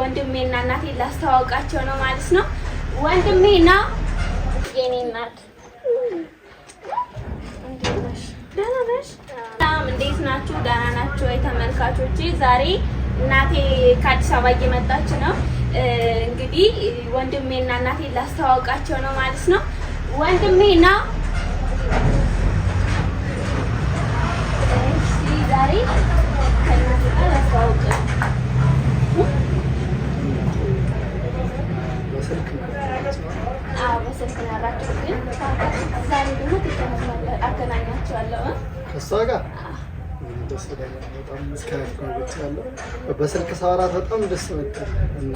ወንድሜና እናቴ ላስተዋውቃቸው ነው ማለት ነው። ወንድሜ ነው የኔ እናት። ደህና ነሽ? በጣም እንዴት ናችሁ? ደህና ናችሁ ወይ ተመልካቾቼ? ዛሬ እናቴ ከአዲስ አበባ እየመጣች ነው። እንግዲህ ወንድሜና እናቴ ላስተዋውቃቸው ነው ማለት ነው። ወንድሜ ነው ዛሬ ከእናቴ ጋር ላስተዋውቅ በስልክ ሳወራት በጣም ደስ መጥቷል እና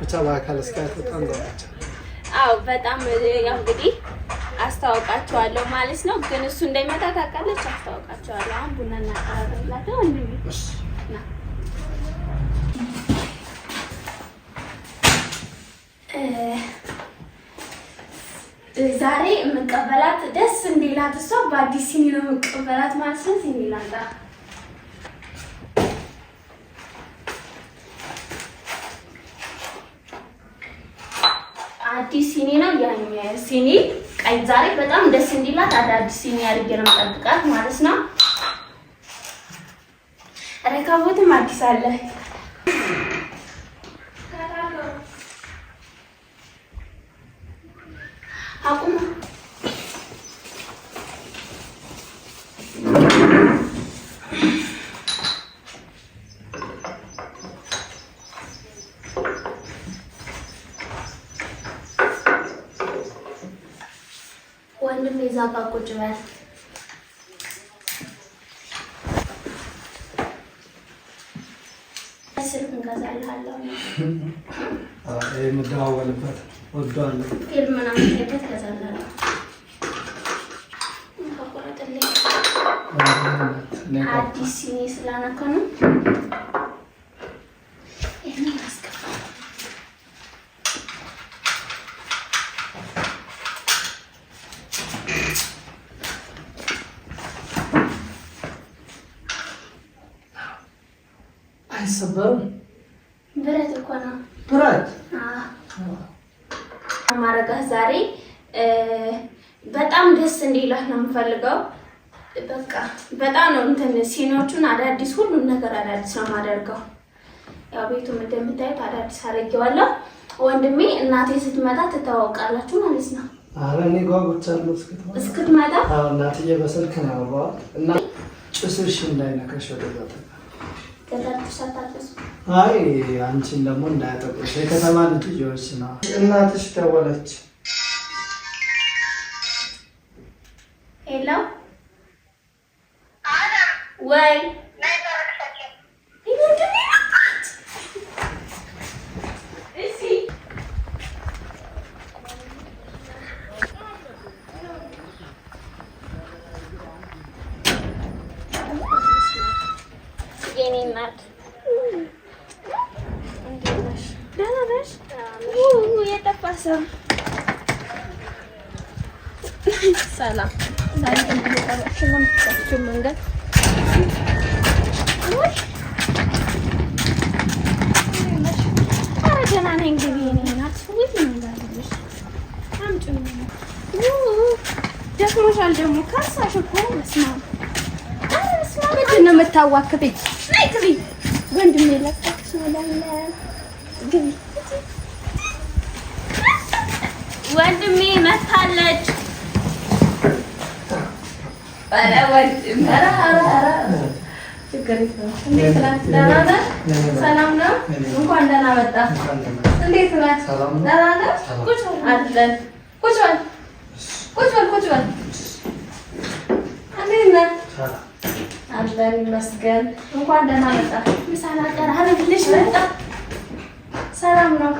ብቻ በአካል እስካያት በጣም ጓጓች። አዎ በጣም ያው እንግዲህ አስተዋውቃቸዋለሁ ማለት ነው። ግን እሱ እንዳይመጣ ታውቃለች። አስተዋውቃቸዋለሁ። አሁን ቡና እናቀራረብላቸው። ዛሬ የምቀበላት ደስ እንዲላት እሷ በአዲስ ሲኒ ነው የምቀበላት ማለት ነው ሲኒ ላንጣ ሲኒ ቀይ ዛሬ በጣም ደስ እንዲላት አዳዲስ ሲኒ አድርጌ ነው የምጠብቃት ማለት ነው። ረከቦትም አዲስ አለ። ቁጭ በል። ስልክ የምደዋወልበት ፊልም ምናምን ታይበት እገዛልሃለሁ። አዲስ ሲኒ ስላነከ ነው አይሰበሩም። ብረት እኮ ነው ብረት ማረጋት ዛሬ በጣም ደስ እንዲላት ነው የምፈልገው። በቃ በጣም ነው እንትን ሲኖቹን አዳዲስ ሁሉን ነገር አዳዲስ ነው የማደርገው። ያው ቤቱም እንደምታዩት አዳዲስ አድርጌዋለሁ። ወንድሜ እናቴ ስትመጣ ትታወቃላችሁ ማለት ነው። አረ እኔ ጓጉቻለሁ እስክትመጣ። እናትዬ በስልክ ነው ያወራኋት እና ጭስሽ እንዳይነካሽ ወደዛ አይ አንቺን ደግሞ እንዳያጠቁሽ የከተማ ልጆች ነው። እናትሽ ደወለች። ሄሎ ወይ የኔ እናት ሰው ሰላም። ዛሬ እንድጠራችን ለምትጫችን መንገድ ደህና ነኝ። ግቢ ደፍሮሻል ደግሞ ከሳሽ እኮ መስማ መስማ ምንድን ነው የምታዋክብኝ? ነይ ግቢ። ወንድሜ ለቀቅሽ ብላለ ግቢ። ወንድሜ መታለች። ሰላም ነው? እንኳን ደህና መጣህ። እንዴት ነህ? ደህና ነህ? ቁጭ በል ቁጭ በል ቁጭ በል ቁጭ በል። እንዴት ነህ? አለን ይመስገን። እንኳን ደህና መጣ። ሳላቀር አረግልሽ መጣ። ሰላም ነው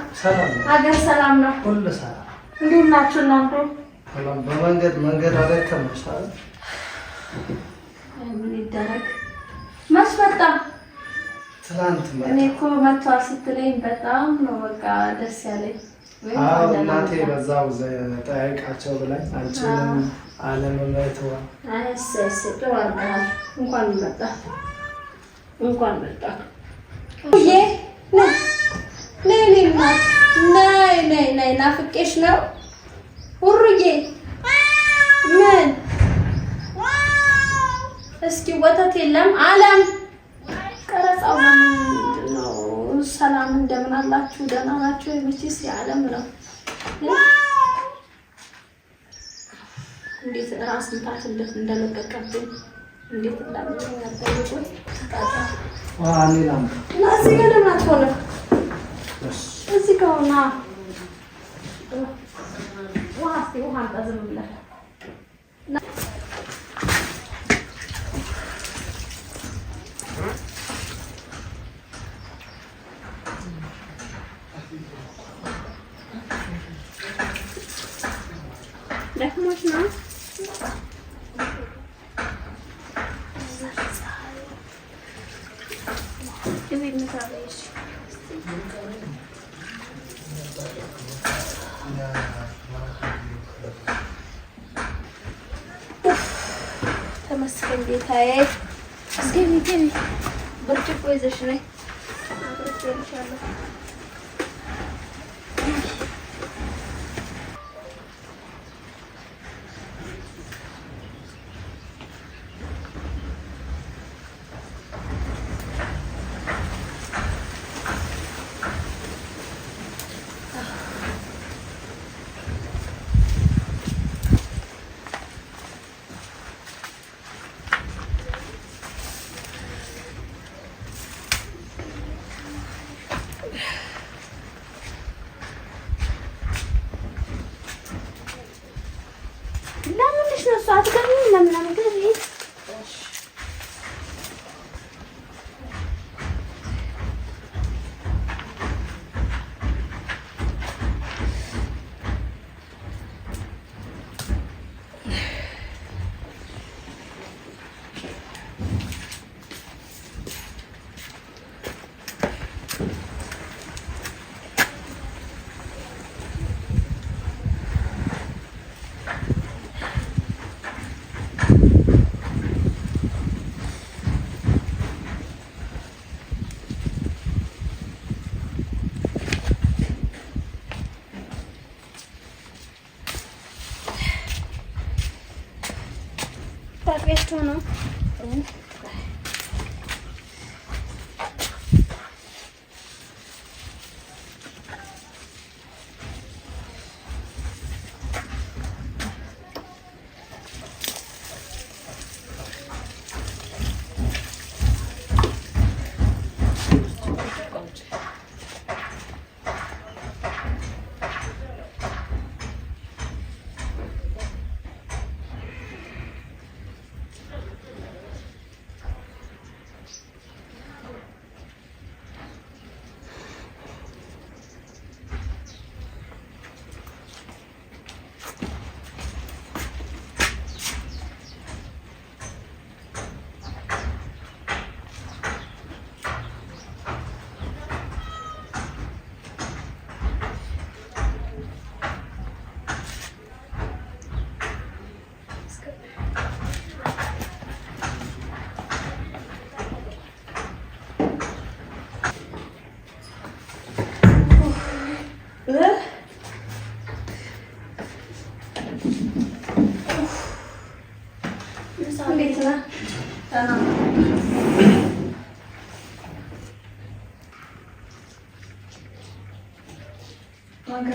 አገር ሰላም ነው ሁሉ ሰላም። እንዴት ናችሁ እናንተ? በመንገድ መንገድ አደከመች። ምን ይደረግ። መች መጣ? ትናንት እኔ እኮ መቷል ስትለኝ በጣም ነው በቃ ደስ ያለኝ አዎ እናቴ በዛው ጠያይቃቸው ብላኝ አንቺንም አለመመትዋ እንኳን መጣ እንኳን መጣ ነይ ነይ ነይ ናፍቄሽ ነው ውሩዬ። ምን እስኪ ወተት የለም አለም ቀረጻው ሰላም እንደምን አላችሁ? ደህና ናችሁ? የሚችስ የዓለም ነው። እንዴት ራስ ምታት እንደለቀቀብኝ እንዴት እንዳጠይቁት እዚህ ገደም አትሆንም። ውሃ ውሃ አንጠዝምለን Bırakma hoşuna. Evet mesela ተመስገን ጌታዬ፣ እስኪ ግን ብርጭቆ ይዘሽ ነይ አብረት ይልሻለሁ la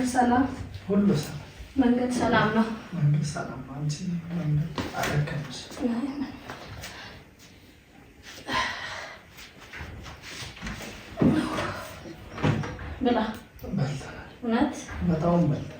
መንገድ ሰላም፣ ሁሉ ሰላም፣ መንገድ ሰላም፣ ሁሉ ሰላም፣ መንገድ ሰላም ነው። መንገድ ሰላም ነው። አንቺ መንገድ አረከነች። ብላ በልተናል። እውነት በጣም በልተናል።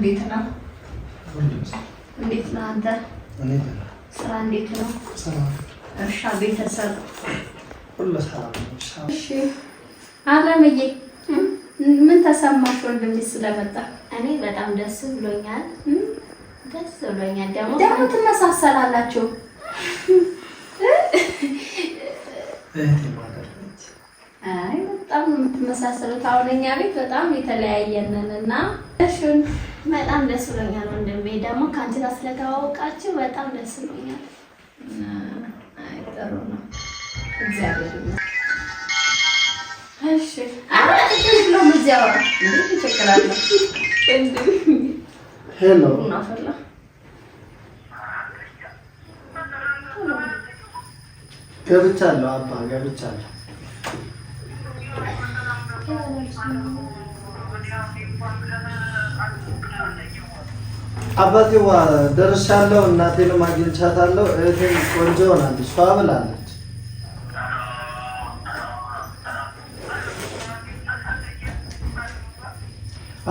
እንዴት ነው? እንዴት ነው አንተ? ስራ እንዴት ነው? እርሻ፣ ቤተሰብ አለምዬ፣ ምን ተሰማሽ ወንድሜ ስለመጣ? እኔ በጣም ደስ ብሎኛል። ደስ ብሎኛል። ደግሞ ደግሞ ትመሳሰላላችሁ። አይ በጣም የምትመሳሰሉት። አሁን እኛ ቤት በጣም የተለያየንን እና በጣም ደስ ብሎኛል ወንድሜ። ደግሞ ከአንቺ ጋር ስለተዋወቃችሁ በጣም ደስ ብሎኛል። ጥሩ ነው። እግዚአብሔር ገብቻለሁ አባ ገብቻለሁ አባቴዋ ደርሻለሁ፣ እናቴንም አግኝቻታለሁ፣ እህቴን ቆንጆ ሆናለች ፏ ብላለች።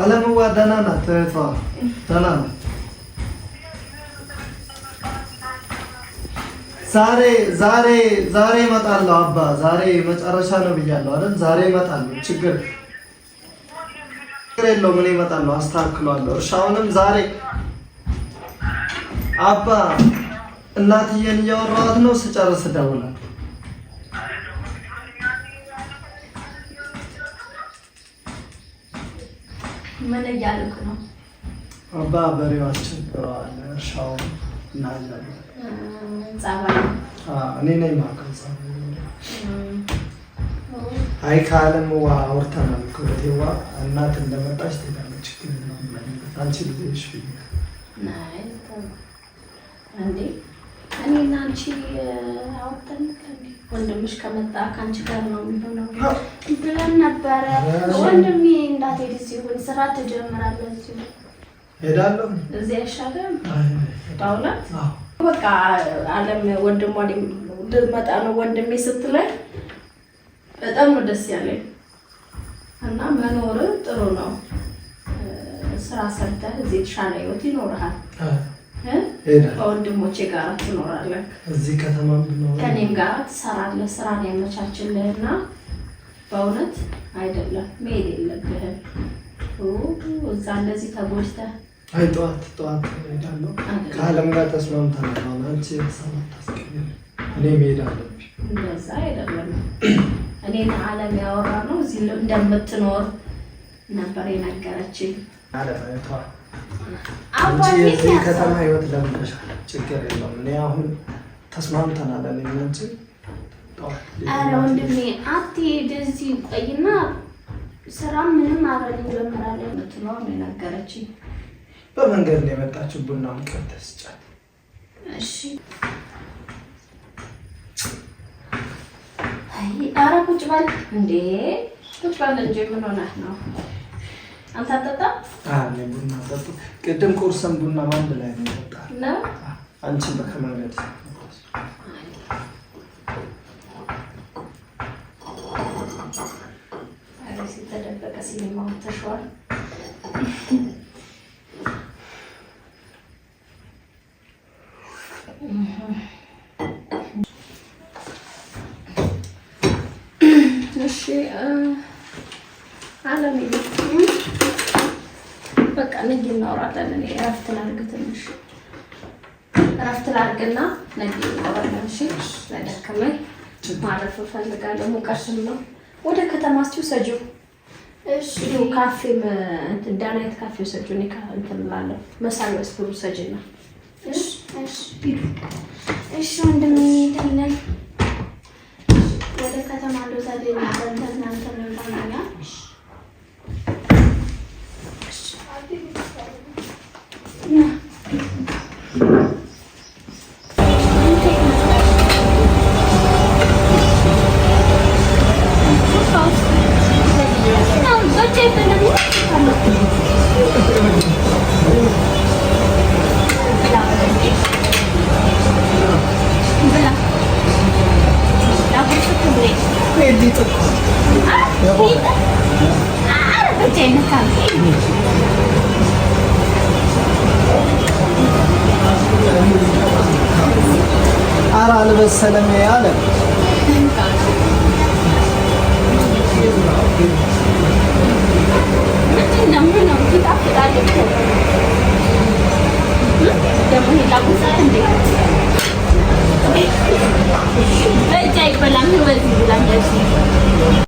አለምዋ ደህና ናት፣ እህቷ ደህና ናት። ዛሬ ዛሬ ዛሬ እመጣለሁ አባ፣ ዛሬ መጨረሻ ነው ብያለሁ አይደል? ዛሬ እመጣለሁ። ችግር ችግር የለውም። እኔ እመጣለሁ፣ አስተካክለዋለሁ። እርሻውንም ዛሬ አባ እናትዬን እያወራኋት ነው። ስጨርስ እደውላለሁ። ምን እያልኩ ነው? አባ በሬዋችን ጥሯል፣ እርሻው እናያለን። እኔ ነኝ አይ አውርተናል። እናት እንደመጣች ትሄዳለች። ችግር ነው አንቺ ልጅሽ እንዴ እኔና አንቺ አወጣን ወንድምሽ ከመጣ ከአንቺ ጋር ነው የሚሆነው ብለን ነበረ። ወንድሜ እንዳትሄድ ሲሆን ስራ ትጀምራለች። ሄዳለሁ እዚህ አይሻልም? ዳውላት በቃ አለም ወንድሟ ልመጣ ነው ወንድሜ ስትለኝ በጣም ነው ደስ ያለኝ እና መኖር ጥሩ ነው። ስራ ሰርተህ እዚህ የተሻለ ህይወት ይኖርሃል። ከወንድሞቼ ጋር ትኖራለህ፣ እዚህ ከተማ ከኔም ጋር ትሰራለህ፣ ስራን ያመቻችልህና በእውነት አይደለም መሄድ የለብህም። እዛ እንደዚህ ተጎድተህ አይ ጠዋት ጠዋት እሄዳለሁ። ከአለም ጋር ተስማምተናል። አሁን አንቺ እኔ መሄድ አለብኝ። እንደዛ አይደለም። እኔን አለም ያወራ ነው እዚህ እንደምትኖር ነበር የነገረችኝ አለም አይቷል እንጂ ከተማ ህይወት ለምደሻል፣ ችግር የለውም። እኔ አሁን ተስማምተናል። እንጂ ኧረ ወንድሜ አትሄድ፣ እዚህ ቆይና ስራ ምንም አብረን እንጀምራለን የምትለው ነገረችኝ። በመንገድ ላይ የመጣችው ቡና ምቀት ስጫት። እሺ ኧረ ቁጭ በል እንዴ፣ ቁጭ በል እንጂ ምን ሆነህ ነው? አንተ አትጠጣም? ላይ ቡና ጠጡ። ቅድም ቁርስም ቡና አንድ ላይ ነው የጠጣ አንቺን በከመንገድ በቃ ነገ እናወራለን። እኔ እረፍት ላድርግ ትንሽ እረፍት ላድርግና ነገ እናወራለን። እሺ ስለደከመኝ ማረፍ እፈልጋለሁ። ሙቀሽም ነው። ወደ ከተማ እስኪ ሰጁ እሺ ካፌም እንትን ዳናይት ካፌ ውሰጂው። እኔ እንትን እላለሁ። መሳይ ሰጅ ውሰጂና እሺ እሺ እሺ ወንድም እንሄዳለን ወደ ከተማ እንደዛ ደና አራል በሰለም ያለ በእጃ ይበላም በዚህ ብላ